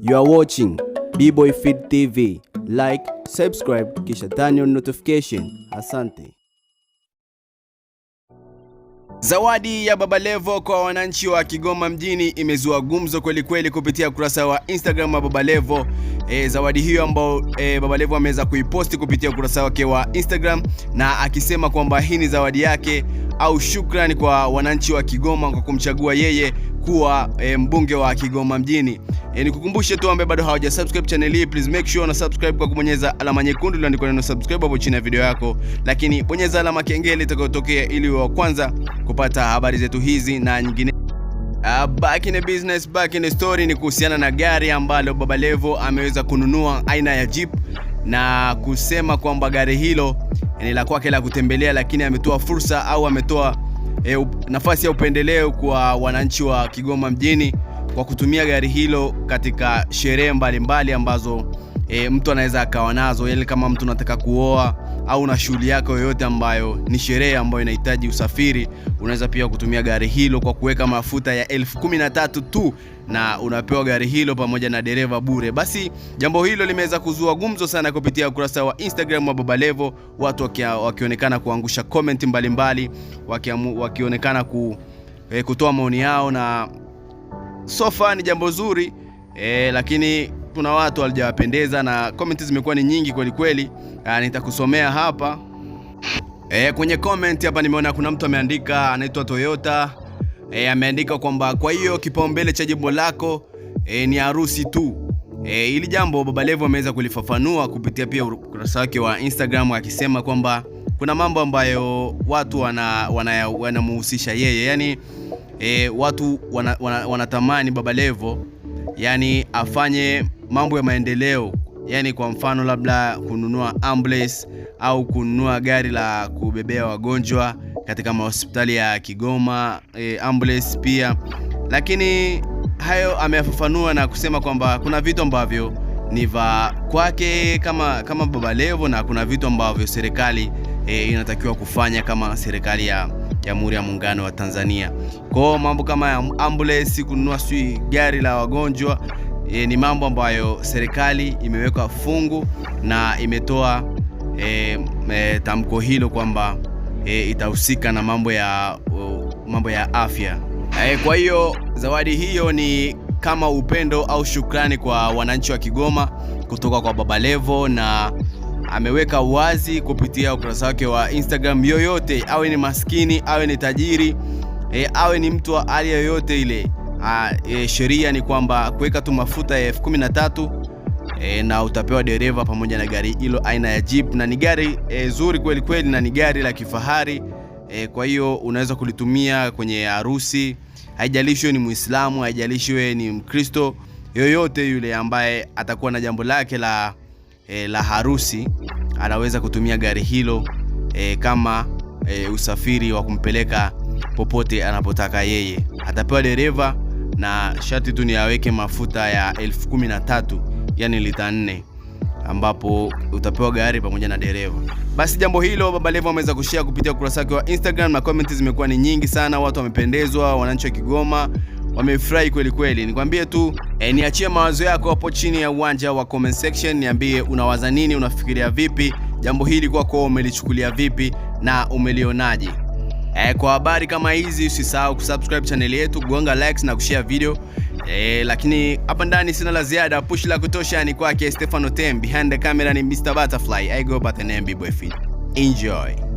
You are watching B-Boy Feed TV. Like, subscribe kisha turn on notification. Asante. Zawadi ya Babalevo kwa wananchi wa Kigoma mjini imezua gumzo kwelikweli kupitia ukurasa wa Instagram wa Babalevo. E, zawadi hiyo ambayo e, Babalevo ameweza kuiposti kupitia ukurasa wake wa Instagram na akisema kwamba hii ni zawadi yake au shukrani kwa wananchi wa Kigoma kwa kumchagua yeye kuwa e, mbunge wa Kigoma mjini. E, nikukumbushe tu ambaye bado hawaja subscribe channel hii, please make sure una subscribe kwa kubonyeza alama nyekundu iliyoandikwa neno subscribe hapo chini ya video yako, lakini bonyeza alama kengele itakayotokea ili wa kwanza kupata habari zetu hizi na nyingine. Uh, back in the business, back in the story ni kuhusiana na gari ambalo Baba Levo ameweza kununua aina ya Jeep na kusema kwamba gari hilo ni la kwake la kutembelea, lakini ametoa fursa au ametoa e, nafasi ya upendeleo kwa wananchi wa Kigoma mjini kwa kutumia gari hilo katika sherehe mbalimbali ambazo e, mtu anaweza akawa nazo, yaani kama mtu anataka kuoa au na shughuli yako yoyote ambayo ni sherehe ambayo inahitaji usafiri, unaweza pia kutumia gari hilo kwa kuweka mafuta ya elfu kumi na tatu tu na unapewa gari hilo pamoja na dereva bure. Basi jambo hilo limeweza kuzua gumzo sana kupitia ukurasa wa Instagram wa Babalevo, watu wakionekana kuangusha comment mbalimbali, wakionekana ku, eh, kutoa maoni yao na sofa ni jambo zuri eh, lakini kuna watu walijawapendeza na comment zimekuwa ni nyingi kweli kweli. Ah, nitakusomea hapa e, kwenye comment hapa nimeona kuna mtu ameandika anaitwa Toyota e, ameandika kwamba kwa hiyo kipaumbele cha jimbo lako e, ni harusi tu. Hili ili jambo Baba Levo ameweza kulifafanua kupitia pia ukurasa wake wa Instagram akisema kwamba kuna mambo ambayo watu wanamuhusisha wana, wana yeye yani e, watu wanatamani wana, wana Baba Levo yani afanye mambo ya maendeleo, yani kwa mfano labda kununua ambulance au kununua gari la kubebea wagonjwa katika mahospitali ya Kigoma e, ambulance pia. Lakini hayo ameyafafanua na kusema kwamba kuna vitu ambavyo ni va kwake kama, kama Baba Levo na kuna vitu ambavyo serikali e, inatakiwa kufanya kama serikali ya Jamhuri ya Muungano wa Tanzania. Kwa mambo kama ya ambulance, kununua sui gari la wagonjwa e, ni mambo ambayo serikali imeweka fungu na imetoa e, e, tamko hilo kwamba e, itahusika na mambo ya, o, uh, mambo ya afya e, kwa hiyo zawadi hiyo ni kama upendo au shukrani kwa wananchi wa Kigoma kutoka kwa Baba Levo na ameweka wazi kupitia ukurasa wake wa Instagram, yoyote awe ni maskini awe ni tajiri e, awe ni mtu wa hali yoyote ile e, sheria ni kwamba kuweka tu mafuta ya 13 e, eh, na utapewa dereva pamoja na gari hilo aina ya Jeep, na ni gari e, zuri kweli kweli, na ni gari la kifahari e, kwa hiyo unaweza kulitumia kwenye harusi, haijalishi wewe ni Muislamu, haijalishi wewe ni Mkristo, yoyote yule ambaye atakuwa na jambo lake la, e, la harusi anaweza kutumia gari hilo e, kama e, usafiri wa kumpeleka popote anapotaka yeye. Atapewa dereva na shati tu niyaweke mafuta ya 13 yani lita 4 ambapo utapewa gari pamoja na dereva. Basi jambo hilo Baba Levo ameweza kushia kupitia ukurasa wake wa Instagram na comments zimekuwa ni nyingi sana, watu wamependezwa, wananchi wa Kigoma wamefurahi kweli kweli. Nikwambie tu e, niachie mawazo yako hapo chini ya uwanja wa comment section, niambie unawaza nini, unafikiria vipi jambo hili, kwako umelichukulia vipi na umelionaje? E, kwa habari kama hizi usisahau kusubscribe channel yetu, gonga likes na kushare video. E, lakini hapa ndani sina la ziada. Push la kutosha ni kwake Stefano Tem, behind the camera ni Mr Butterfly. I go by the name Bboy Fit. Enjoy.